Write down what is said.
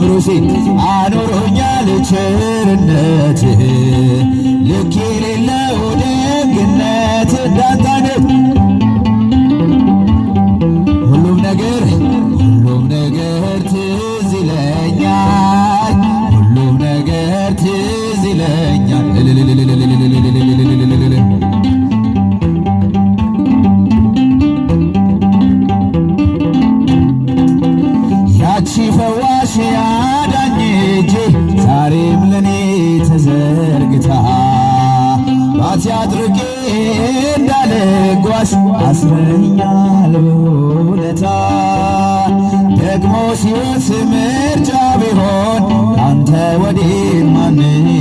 ክብሩ ሲል አኖሮኛል ቸርነትህ ልክ የሌለው ደግነት እንዳንታነት ሁሉም ነገር ሁሉም ነገር ትዝ ይለኛል ሁሉም ነገር ትዝ ይለኛል በዝግታ ባቲ አድርጌ እንዳልጓዝ አስረኛል በውለታ ደግሞ ሲወት ምርጫ ቢሆን አንተ ወዴ ማን